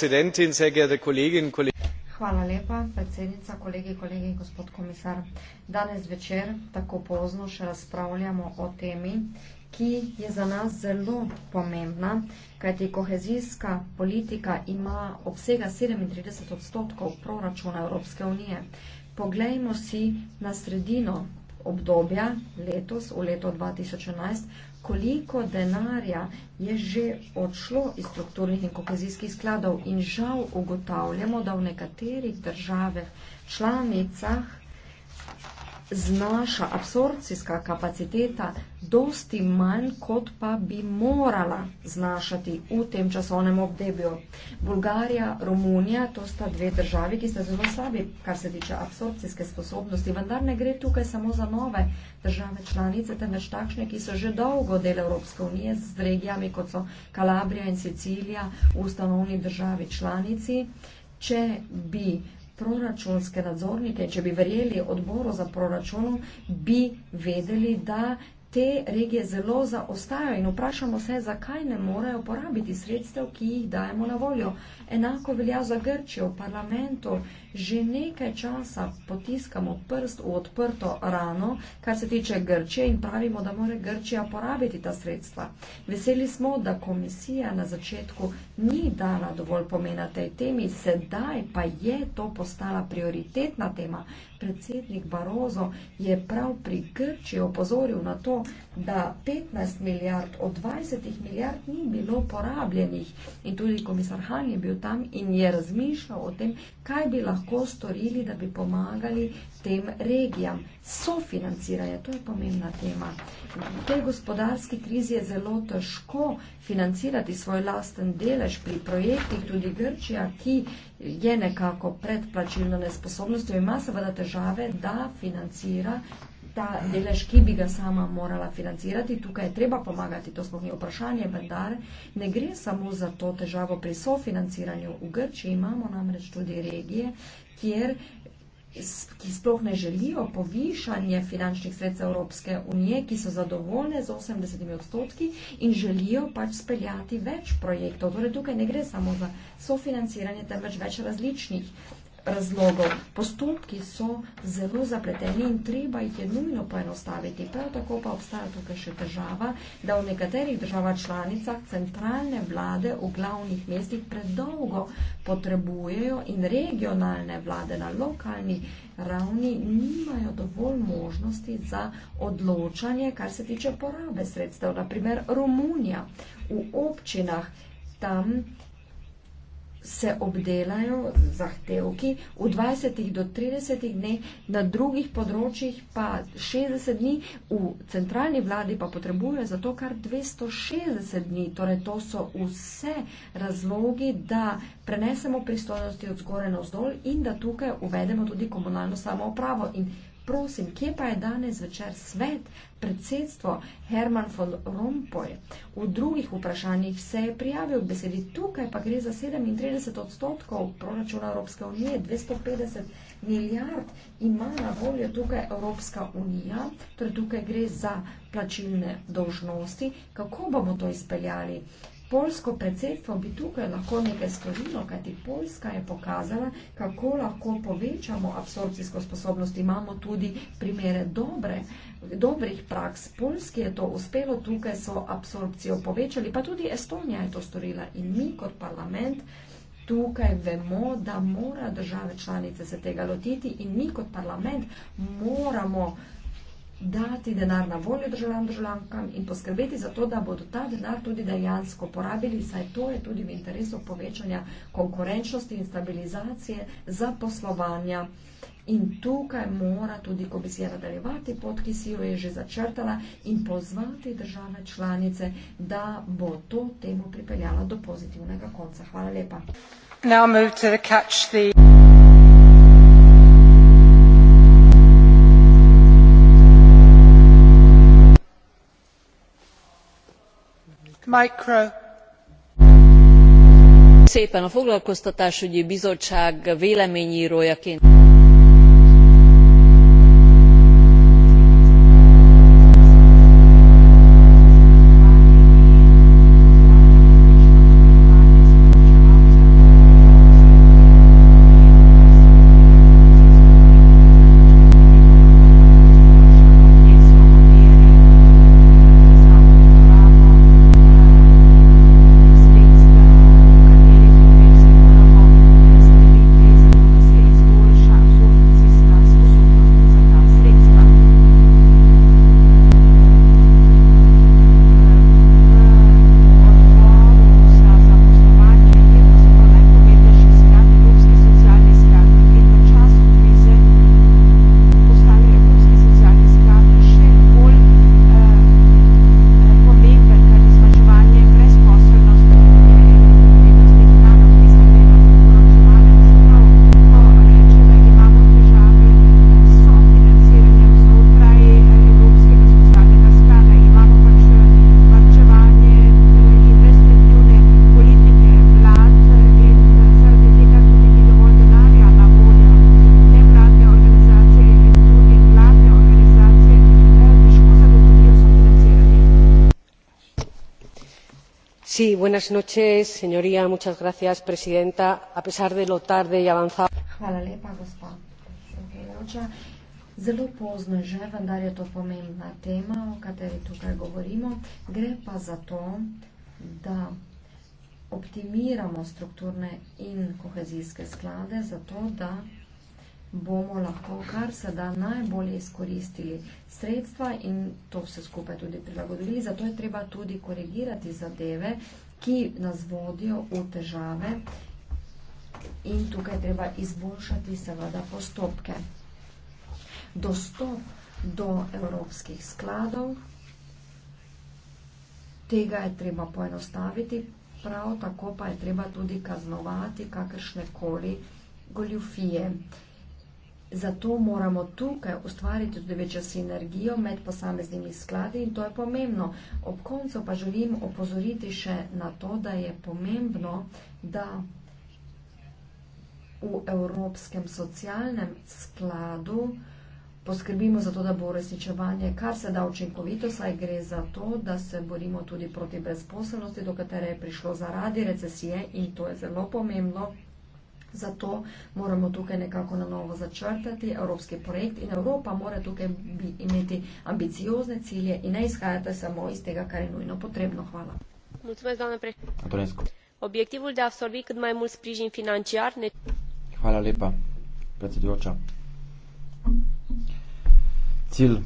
predsednica, kolegi, kolegi. Hvala lepa, predsednica, kolegi, kolegi, gospod komisar. Danes večer tako pozno še razpravljamo o temi, ki je za nas zelo pomembna, kajti kohezijska politika ima obsega 37 odstotkov proračuna Evropske unije. Poglejmo si na sredino obdobja letos, v leto 2011, koliko denarja je že odšlo iz strukturnih in kohezijskih skladov in žal ugotavljamo, da v nekaterih državah članicah znaša absorpcijska kapaciteta dosti manj, kot pa bi morala znašati v tem časovnem obdobju. Bulgarija, Romunija, to sta dve državi, ki sta zelo slabi, kar se tiče absorpcijske sposobnosti, vendar ne gre tukaj samo za nove države članice, temveč takšne, ki so že dolgo del Evropske unije z regijami, kot so Kalabrija in Sicilija, v ustanovni državi članici. Če bi proračunske nadzornike, če bi verjeli odboru za proračun, bi vedeli, da te regije zelo zaostajajo in vprašamo se, zakaj ne morejo porabiti sredstev, ki jih dajemo na voljo. Enako velja za Grčijo v parlamentu. Že nekaj časa potiskamo prst v odprto rano, kar se tiče Grčije in pravimo, da more Grčija porabiti ta sredstva. Veseli smo, da komisija na začetku ni dala dovolj pomena tej temi, sedaj pa je to postala prioritetna tema. Predsednik Barozo je prav pri Grčiji opozoril na to, da 15 milijard od 20 milijard ni bilo porabljenih. In tudi komisar Han je bil tam in je razmišljal o tem, kaj bi lahko storili, da bi pomagali tem regijam. Sofinanciranje, to je pomembna tema. V tej gospodarski krizi je zelo težko financirati svoj lasten delež pri projektih, tudi Grčija, ki je nekako predplačilno nesposobnostjo, ima seveda težave, da financira ta delež, ki bi ga sama morala financirati, tukaj je treba pomagati, to smo mi vprašanje, vendar ne gre samo za to težavo pri sofinanciranju. V Grči imamo namreč tudi regije, kjer, ki sploh ne želijo povišanje finančnih sredstev Evropske unije, ki so zadovoljne z 80 odstotki in želijo pač speljati več projektov. Torej tukaj ne gre samo za sofinanciranje, temveč več različnih razlogov. Postopki so zelo zapleteni in treba jih je nujno poenostaviti. Prav tako pa obstaja tukaj še država, da v nekaterih državah članicah centralne vlade v glavnih mestih predolgo potrebujejo in regionalne vlade na lokalni ravni nimajo dovolj možnosti za odločanje, kar se tiče porabe sredstev. Naprimer Romunija v občinah tam se obdelajo zahtevki v 20 do 30 dneh, na drugih področjih pa 60 dni, v centralni vladi pa potrebuje za to kar 260 dni. Torej, to so vse razlogi, da prenesemo pristojnosti od zgore na vzdolj in da tukaj uvedemo tudi komunalno samoupravo. In prosim, kje pa je danes večer svet, predsedstvo Herman von Rompuy? V drugih vprašanjih se je prijavil k besedi tukaj, pa gre za 37 odstotkov proračuna Evropske unije, 250 milijard ima na voljo tukaj Evropska unija, torej tukaj gre za plačilne dožnosti. Kako bomo to izpeljali? Polsko predsedstvo bi tukaj lahko nekaj storilo, kajti Poljska je pokazala, kako lahko povečamo absorpcijsko sposobnost. Imamo tudi primere dobre, dobrih praks. Poljski je to uspelo, tukaj so absorpcijo povečali, pa tudi Estonija je to storila in mi kot parlament. Tukaj vemo, da mora države članice se tega lotiti in mi kot parlament moramo dati denar na voljo državljanom državljankam in poskrbeti za to, da bodo ta denar tudi dejansko porabili, saj to je tudi v interesu povečanja konkurenčnosti in stabilizacije za poslovanja. In tukaj mora tudi komisija nadaljevati pot, ki si jo je že začrtala in pozvati države članice, da bo to temu pripeljala do pozitivnega konca. Hvala lepa. Now move to the catch the... a foglalkoztatásügyi bizottság véleményrójaként szeretném röviden elmondani hogy mi a helyzet. señora presidenta a pesar de lo tarde y avanzado zelo pozno že vendar je to pomembna tema o kateri tukaj govorimo gre pa za to da optimiramo strukturne in kohezijske sklade zato da bomo lahko kar se da najbolje izkoristili sredstva in to vse skupaj tudi prilagodili. Zato je treba tudi korigirati zadeve, ki nas vodijo v težave in tukaj treba izboljšati seveda postopke. Dostop do evropskih skladov, tega je treba poenostaviti, prav tako pa je treba tudi kaznovati kakršne koli goljufije. Zato moramo tukaj ustvariti tudi večjo sinergijo med posameznimi skladi in to je pomembno. Ob koncu pa želim opozoriti še na to, da je pomembno, da v Evropskem socialnem skladu poskrbimo za to, da bo resničevanje kar se da učinkovito, saj gre za to, da se borimo tudi proti brezposobnosti, do katere je prišlo zaradi recesije in to je zelo pomembno. Zato moramo tukaj nekako na novo začrtati evropski projekt in Evropa mora tukaj imeti ambiciozne cilje in ne izhajati samo iz tega, kar je nujno potrebno. Hvala. Mulțumesc, doamna Preșcu. Obiectivul de a absorbi cât mai mult sprijin financiar ne... Hvala lepa, predsedujoča. Cilj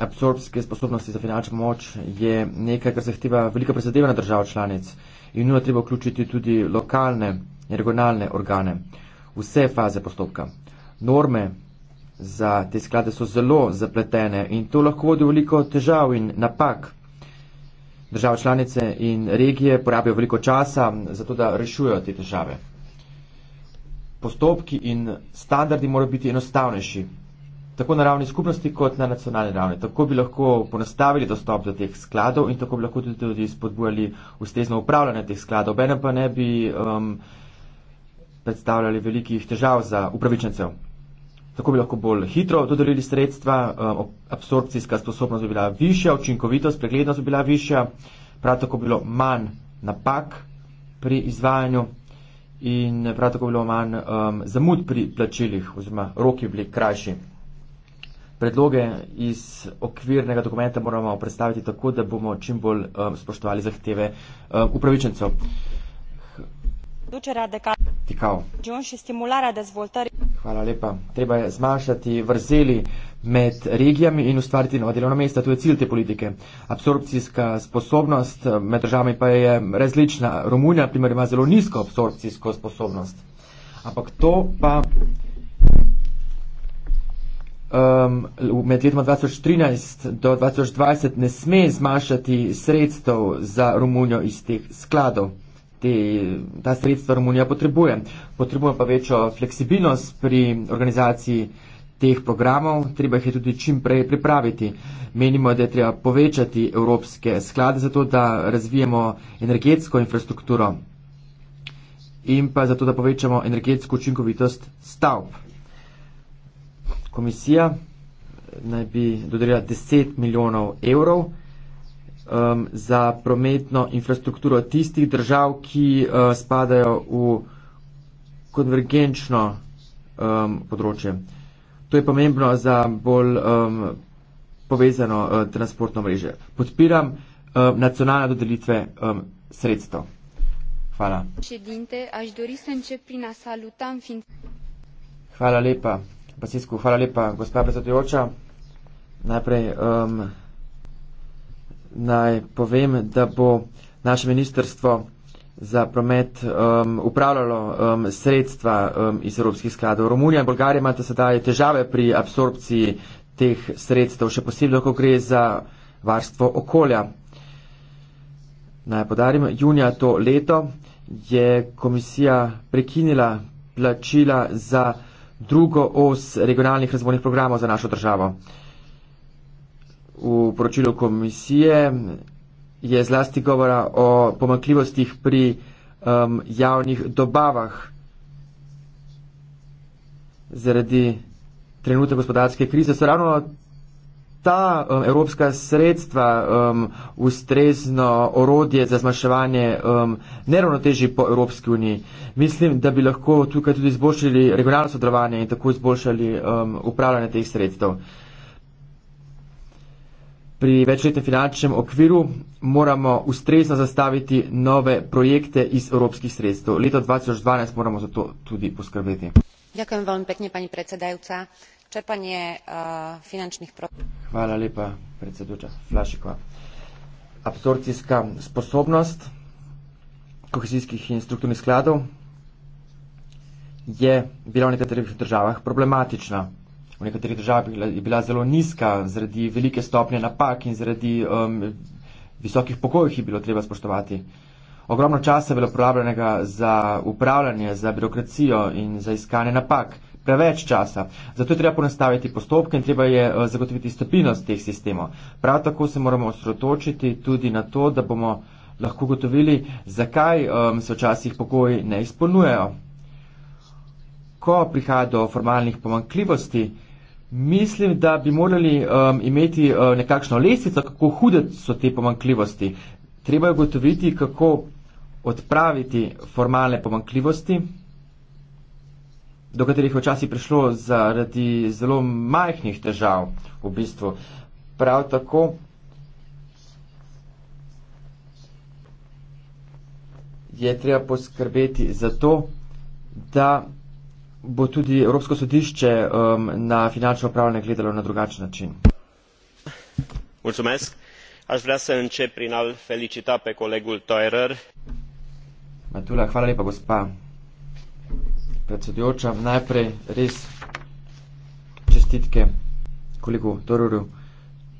absorpcijske sposobnosti za finančno moč je nekaj, kar zahteva velika prizadevanja držav članic in nujno treba vključiti tudi lokalne neregionalne organe, vse faze postopka. Norme za te sklade so zelo zapletene in to lahko vodi veliko težav in napak. Države članice in regije porabijo veliko časa za to, da rešujo te težave. Postopki in standardi morajo biti enostavnejši, tako na ravni skupnosti kot na nacionalni ravni. Tako bi lahko ponastavili dostop do teh skladov in tako bi lahko tudi, tudi spodbujali ustezno upravljanje teh skladov. Bene pa ne bi um, predstavljali velikih težav za upravičence. Tako bi lahko bolj hitro dodelili sredstva, eh, absorpcijska sposobnost bi bila višja, učinkovitost, preglednost bi bila višja, prav tako bi bilo manj napak pri izvajanju in prav tako bi bilo manj um, zamud pri plačilih oziroma roki bi bili krajši. Predloge iz okvirnega dokumenta moramo predstaviti tako, da bomo čim bolj um, spoštovali zahteve um, upravičencev. Dučera, dekad vertikal. Hvala lepa. Treba je zmanjšati vrzeli med regijami in ustvariti nova delovna mesta. To je cilj te politike. Absorpcijska sposobnost eh, med državami pa je različna. Romunija, primer, ima zelo nizko absorpcijsko sposobnost. Ampak to pa um, med letoma 2013 do 2020 ne sme zmanjšati sredstev za Romunijo iz teh skladov te, ta sredstva Romunija potrebuje. Potrebuje pa večjo fleksibilnost pri organizaciji teh programov, treba jih je tudi čim prej pripraviti. Menimo, da je treba povečati evropske sklade zato, da razvijemo energetsko infrastrukturo in pa zato, da povečamo energetsko učinkovitost stavb. Komisija eh, naj bi dodelila 10 milijonov evrov um, za prometno infrastrukturo tistih držav, ki uh, spadajo v konvergenčno um, področje. To je pomembno za bolj um, povezano uh, transportno mreže. Podpiram uh, nacionalne dodelitve um, sredstev. Hvala. Hvala lepa, Basisku. Hvala lepa, gospa predsedujoča. Najprej um, naj povem, da bo naše ministrstvo za promet um, upravljalo um, sredstva um, iz evropskih skladov. Romunija in Bolgarija imata sedaj težave pri absorpciji teh sredstev, še posebej, ko gre za varstvo okolja. Naj podarim, junija to leto je komisija prekinila plačila za drugo os regionalnih razvojnih programov za našo državo v poročilu komisije je zlasti govora o pomakljivostih pri um, javnih dobavah zaradi trenutne gospodarske krize. So ravno ta um, evropska sredstva um, ustrezno orodje za zmaševanje um, neravnoteži po Evropski uniji. Mislim, da bi lahko tukaj tudi izboljšali regionalno sodelovanje in tako izboljšali um, upravljanje teh sredstev pri večletnem finančnem okviru moramo ustrezno zastaviti nove projekte iz evropskih sredstev. Leto 2012 moramo za to tudi poskrbeti. Ďakujem veľmi pekne, pani predsedajúca. Čerpanie uh, finančných pro... Hvala lepa, predsedujúca Flašikova. Absorcijská sposobnosť kohezijských in struktúrnych skladov je v veľa v niektorých državách problematična v nekaterih državah bila, je bila zelo nizka zaradi velike stopnje napak in zaradi um, visokih pokojih je bilo treba spoštovati. Ogromno časa je bilo uporabljenega za upravljanje, za birokracijo in za iskanje napak. Preveč časa. Zato je treba ponastaviti postopke in treba je uh, zagotoviti stabilnost teh sistemov. Prav tako se moramo osredotočiti tudi na to, da bomo lahko gotovili, zakaj um, se včasih pokoji ne izpolnjujejo. Ko prihaja do formalnih pomankljivosti, Mislim, da bi morali um, imeti uh, nekakšno lestvico, kako hude so te pomankljivosti. Treba je gotoviti, kako odpraviti formalne pomankljivosti, do katerih je včasih prišlo zaradi zelo majhnih težav v bistvu. Prav tako je treba poskrbeti za to, da bo tudi Evropsko sodišče um, na finančno upravljanje gledalo na drugačen način. Mulțumesc. Aș vrea să încep prin a-l felicita pe colegul Toerer. Matula, hvala lepa, gospa. Predsedujoča, najprej res čestitke kolegu Toreru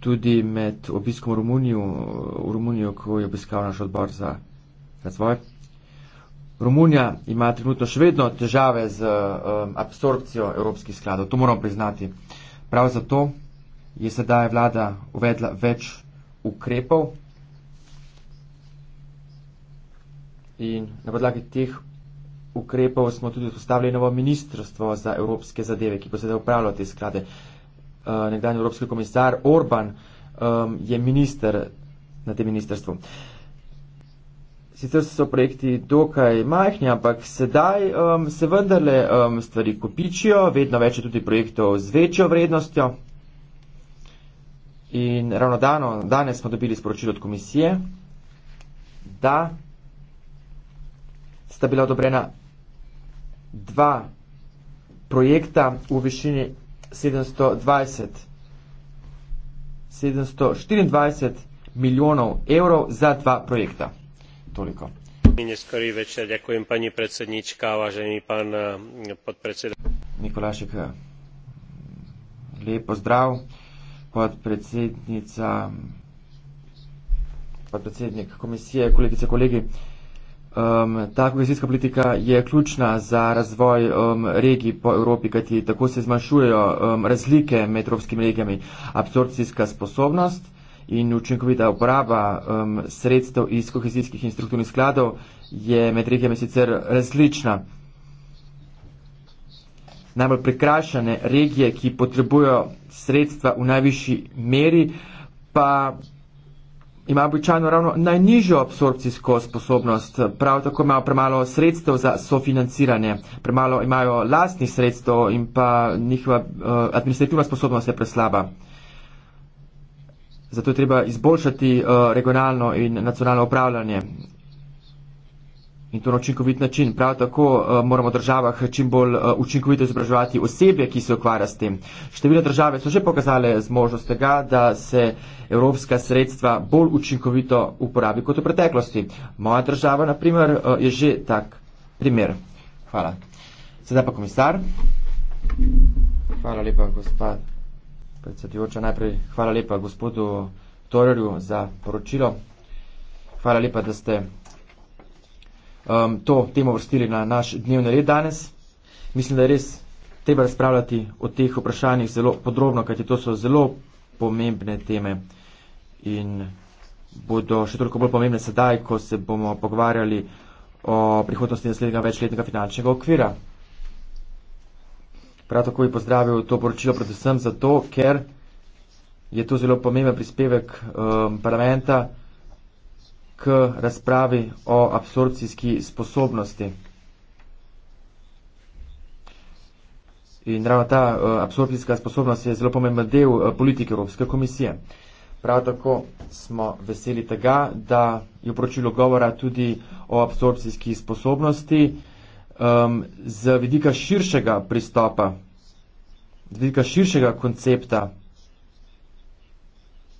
tudi med obiskom v Romuniju, v Romuniju, ko je obiskal naš odbor za razvoj. Romunija ima trenutno še vedno težave z um, absorpcijo evropskih skladov, to moram priznati. Prav zato je sedaj vlada uvedla več ukrepov in na podlagi teh ukrepov smo tudi vzpostavili novo ministrstvo za evropske zadeve, ki bo sedaj upravljalo te sklade. Uh, nekdanji evropski komisar Orban um, je minister na tem ministrstvu. Uh, Sicer so projekti dokaj majhni, ampak sedaj um, se vendarle um, stvari kopičijo, vedno več je tudi projektov z večjo vrednostjo. In ravno dano, danes smo dobili sporočilo od komisije, da sta bila odobrena dva projekta v višini 720, 724 milijonov evrov za dva projekta toliko. Neskorý večer, ďakujem pani predsednička, vážený pán eh, podpredseda. Nikolášek, eh, lep pozdrav, podpredsednica, podpredsednik komisije, kolegice, kolegi. Um, ta kohezijska politika je ključna za razvoj um, regij po Evropi, kajti tako se zmanjšujejo um, razlike med evropskimi regijami. Absorpcijska sposobnost, in učinkovita uporaba um, sredstev iz kohezijskih in strukturnih skladov je med regijami sicer različna. Najbolj prikrašene regije, ki potrebujo sredstva v najvišji meri, pa ima običajno ravno najnižjo absorpcijsko sposobnost, prav tako imajo premalo sredstev za sofinanciranje, premalo imajo lastnih sredstev in pa njihova uh, administrativna sposobnost je preslaba. Zato je treba izboljšati uh, regionalno in nacionalno upravljanje. In to na učinkovit način. Prav tako uh, moramo v državah čim bolj uh, učinkovito izobraževati osebe, ki se ukvarja s tem. Številne države so že pokazale zmožnost tega, da se evropska sredstva bolj učinkovito uporabi kot v preteklosti. Moja država, na primer, uh, je že tak primer. Hvala. Sedaj pa komisar. Hvala lepa, gospod predsedujoča. Najprej hvala lepa gospodu Torerju za poročilo. Hvala lepa, da ste um, to temo vrstili na naš dnevni red danes. Mislim, da je res treba razpravljati o teh vprašanjih zelo podrobno, kajti to so zelo pomembne teme in bodo še toliko bolj pomembne sedaj, ko se bomo pogovarjali o prihodnosti naslednjega večletnega finančnega okvira. Prav tako bi pozdravil to poročilo predvsem zato, ker je to zelo pomemben prispevek um, parlamenta k razpravi o absorpcijski sposobnosti. In ravno ta uh, absorpcijska sposobnost je zelo pomemben del uh, politike Evropske komisije. Prav tako smo veseli tega, da je v poročilu govora tudi o absorpcijski sposobnosti. Uh, um, z vidika širšega pristopa, z vidika širšega koncepta.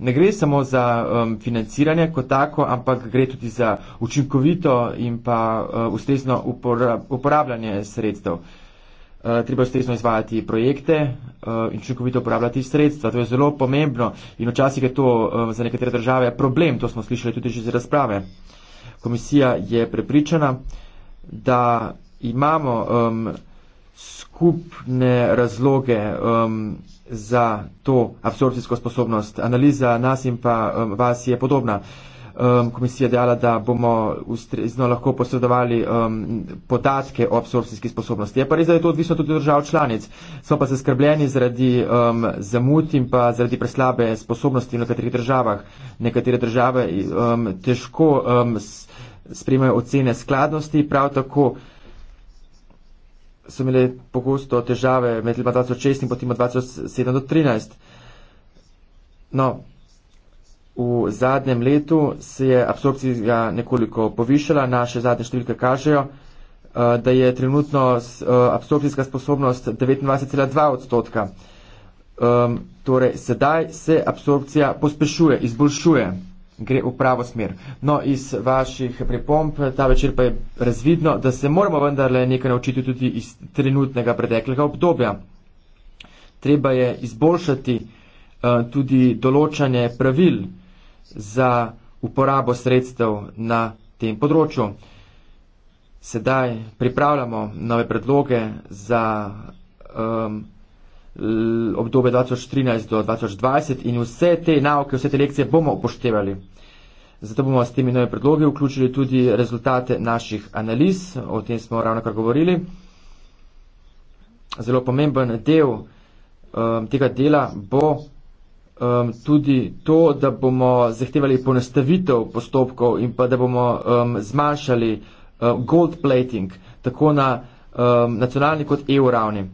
Ne gre samo za um, financiranje kot tako, ampak gre tudi za učinkovito in pa uh, ustrezno upora, uporabljanje sredstev. Uh, treba ustrezno izvajati projekte uh, in učinkovito uporabljati sredstva. To je zelo pomembno in včasih je to uh, za nekatere države problem, to smo slišali tudi že iz razprave. Komisija je prepričana, da imamo um, skupne razloge um, za to absorpcijsko sposobnost. Analiza nas in pa um, vas je podobna. Um, komisija je dejala, da bomo ustrezno lahko posredovali um, podatke o absorpcijski sposobnosti. Je pa res, da je to odvisno tudi od držav članic. Smo pa zaskrbljeni zaradi um, zamud in pa zaradi preslabe sposobnosti v nekaterih državah. Nekatere države um, težko um, sprejmejo ocene skladnosti, prav tako so imeli pogosto težave med letoma 2006 in potem 2007 do 2013. No, v zadnjem letu se je absorpcija nekoliko povišala, naše zadnje številke kažejo, eh, da je trenutno eh, absorpcijska sposobnost 29,2 odstotka. Ehm, torej, sedaj se absorpcija pospešuje, izboljšuje gre v pravo smer. No, iz vaših pripomp ta večer pa je razvidno, da se moramo vendarle nekaj naučiti tudi iz trenutnega preteklega obdobja. Treba je izboljšati uh, tudi določanje pravil za uporabo sredstev na tem področju. Sedaj pripravljamo nove predloge za. Um, Eh, obdobje 2013 do 2020 in vse te nauke, vse te lekcije bomo upoštevali. Zato bomo s temi novimi predlogi vključili tudi rezultate naših analiz, o tem smo ravno kar govorili. Zelo pomemben del um, tega dela bo um, tudi to, da bomo zahtevali ponestavitev postopkov in pa da bomo um, zmanjšali um, gold plating tako na um, nacionalni kot EU ravni.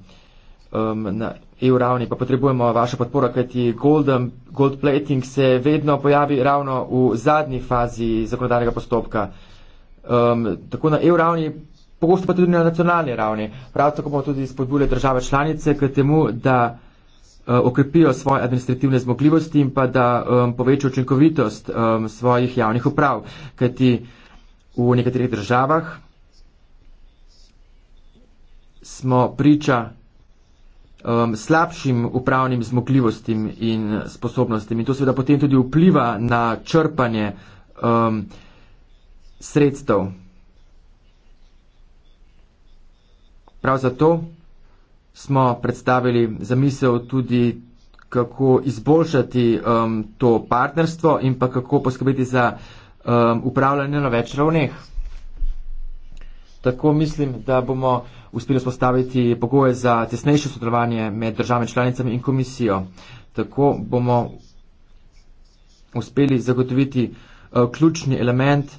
Um, na EU ravni, pa potrebujemo vašo podporo, kajti golden, gold plating se vedno pojavi ravno v zadnji fazi zakonodarnega postopka. Um, tako na EU ravni, pogosto pa tudi na nacionalni ravni. Prav tako bomo tudi spodbujali države članice k temu, da e, okrepijo svoje administrativne zmogljivosti in pa da um, povečajo učinkovitost um, svojih javnih uprav, kajti v nekaterih državah smo priča um, slabšim upravnim zmogljivostim in sposobnostim. In to seveda potem tudi vpliva na črpanje um, sredstev. Prav zato smo predstavili zamisel tudi, kako izboljšati um, to partnerstvo in pa kako poskrbeti za um, upravljanje na več ravneh. Tako mislim, da bomo uspeli spostaviti pogoje za tesnejše sodelovanje med državami članicami in komisijo. Tako bomo uspeli zagotoviti uh, ključni element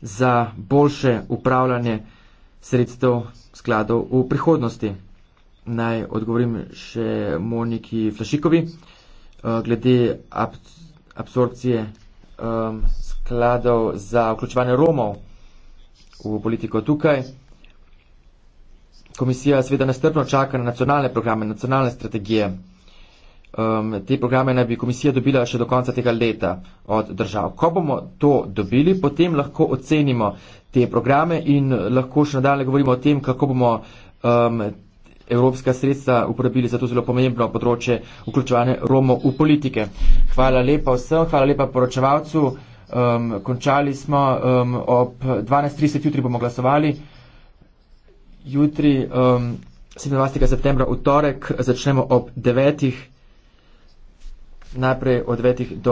za boljše upravljanje sredstev skladov v prihodnosti. Naj odgovorim še Moniki Flašikovi uh, glede absorpcije um, skladov za vključevanje Romov v politiko tukaj. Komisija seveda nestrpno čaka na nacionalne programe, nacionalne strategije. Um, te programe naj bi komisija dobila še do konca tega leta od držav. Ko bomo to dobili, potem lahko ocenimo te programe in lahko še nadalje govorimo o tem, kako bomo um, evropska sredstva uporabili za to zelo pomembno področje vključevanja Romov v politike. Hvala lepa vsem, hvala lepa poročevalcu. Um, končali smo um, ob 12.30, jutri bomo glasovali. Jutri, um, 27. septembra, v torek, začnemo ob 9.00, najprej od 9.00 do